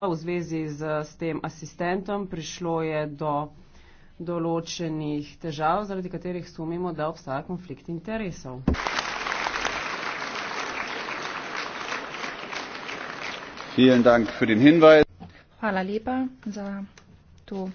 V zvezi z, s tem asistentom prišlo je do določenih težav, zaradi katerih sumimo, da obstaja konflikt interesov. Hvala lepa za to.